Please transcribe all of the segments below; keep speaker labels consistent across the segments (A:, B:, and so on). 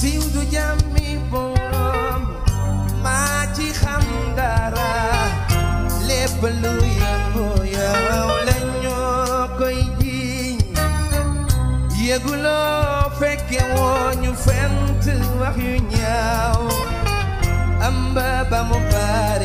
A: siiw du jàmmi borom maa ci koy jiiñ yëguloo fekke woo ñu fent wax yu ñaaw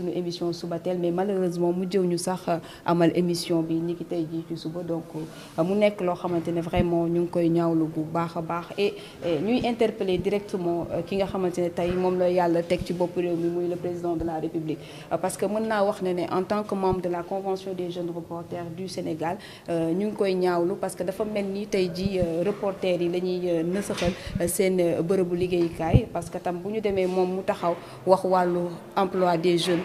B: une émission subatelle mais malheureusement nous jëw ñu sax euh, amal émission bi ni ki tey jii ci suba donc euh, mu nekk loo vraiment ñu connaissons koy ñaawlu bu baax baax et ñuy interpeller directement euh, ki nga xamante ne tey moom la yàlla ci mi le président de la République parce que mën naa wax en tant que membre de la convention des jeunes reporters du Sénégal ñu connaissons koy ñaawlu parce que dafa mel ni reporter, jii reporters yi la ñuy nësaxal seen bërëbu liggéeyukaay parce que tam bu ñu demee moom mu taxaw wax emploi des jeunes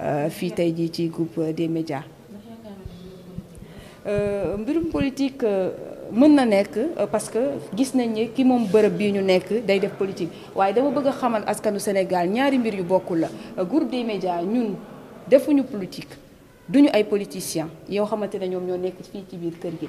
B: Euh, fii tey jii ci groupe des médias euh, mbirum politique euh, mën na nekk parce que gis nañ ne ki moom bërëb bii ñu nekk day def politique waaye dama bëgg a xamal askanu Sénégal ñaari mbir yu bokkul la groupe des médias ñun defuñu politique duñu ay politiciens yow xamante ne ñoom ñoo nekk fii ci biir kër gi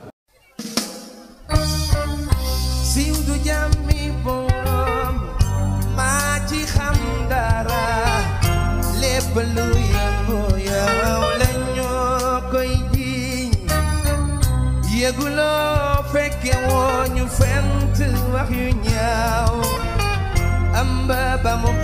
A: you friend to a you now. Amba